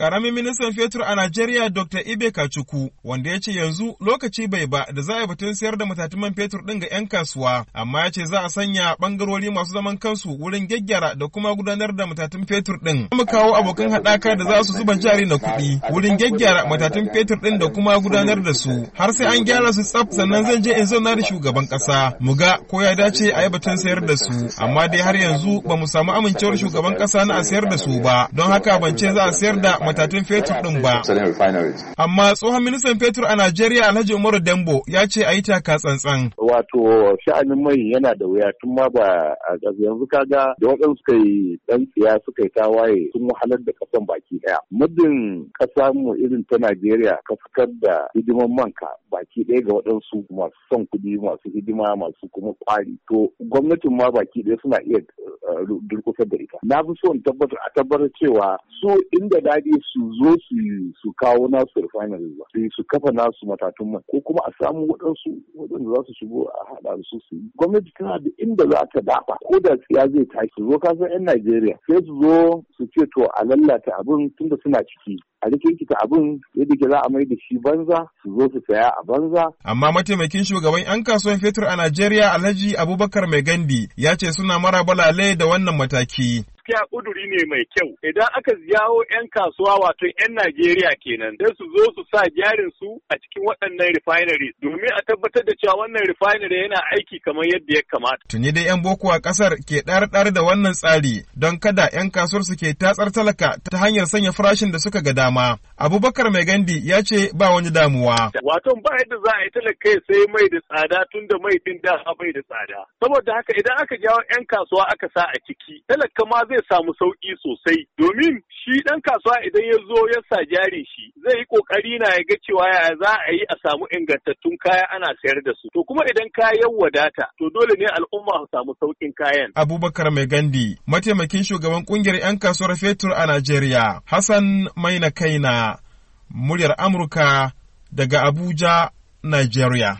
Ƙaramin ministan fetur a Najeriya Dr. Ibe Kachuku wanda ya ce yanzu lokaci bai ba da za a yi batun sayar da matatuman fetur ɗin ga 'yan kasuwa, amma ya ce za a sanya ɓangarori masu zaman kansu wurin gyaggyara da kuma gudanar da matatun fetur ɗin. Mu kawo abokan haɗaka da za su zuba jari na kuɗi wurin gyaggyara matatun fetur ɗin da kuma gudanar da su. Har sai an gyara su tsaf sannan zan je in zauna da shugaban ƙasa. Mu ga ko ya dace a yi batun sayar da su, amma dai har yanzu ba mu samu amincewar shugaban ƙasa na a sayar da su ba, don haka ban ce za a sayar da matatun fetur ɗin ba. Amma tsohon ministan fetur a Najeriya Alhaji Umaru Dambo ya ce a yi taka tsantsan. Wato sha'anin mai yana da wuya tun ma ba a yanzu kaga da waɗansu suka yi ɗan tsiya suka yi tawaye sun wahalar da ƙasan baki ɗaya. Muddin ƙasa mu irin ta Najeriya ka fitar da hidiman manka baki ɗaya ga waɗansu masu son kuɗi masu hidima masu kuma ƙwari. To gwamnatin ma baki ɗaya suna iya durkusar da ita na fi so in tabbatar a tabbatar cewa su inda dadi su zo su su kawo nasu refineries ba sai su kafa nasu matatun man ko kuma a samu waɗansu waɗanda za su shigo a haɗa su su yi gwamnati tana da inda za ta dafa ko da tsiya zai tashi su zo kasan 'yan Najeriya sai su zo su ce to a lallata abin tunda suna ciki a rikirkita abin yadda ke za a mai da shi banza su zo su saya a banza. Amma mataimakin shugaban 'yan kasuwan fetur a Najeriya Alhaji Abubakar Mai Gandi ya ce suna mara balale da wannan mataki. gaskiya kuduri ne mai kyau idan aka jawo 'yan kasuwa wato 'yan Najeriya kenan sai su zo su sa jarin su a cikin waɗannan refinery domin a tabbatar da cewa wannan refinery yana aiki kamar yadda ya kamata. Tuni dai 'yan boko a ƙasar ke dar da wannan tsari don kada 'yan kasuwar su ke tatsar talaka ta hanyar sanya farashin da suka ga dama. Abubakar Mai Gandi ya ce ba wani damuwa. Wato ba yadda za a yi talaka sai mai da tsada tunda mai din da bai da tsada. Saboda haka idan aka jawo 'yan kasuwa aka sa a ciki talaka ma zai zai samu sauƙi sosai domin shi ɗan kasuwa idan ya zo ya sa jarin shi zai yi ƙoƙari na ya ga cewa ya za a yi a samu ingantattun kaya ana sayar da su to kuma idan kayan wadata to dole ne al'umma su samu sauƙin kayan. Abubakar Mai Gandi mataimakin shugaban ƙungiyar 'yan kasuwar fetur a Najeriya Hassan Maina Kaina muryar Amurka daga Abuja, Najeriya.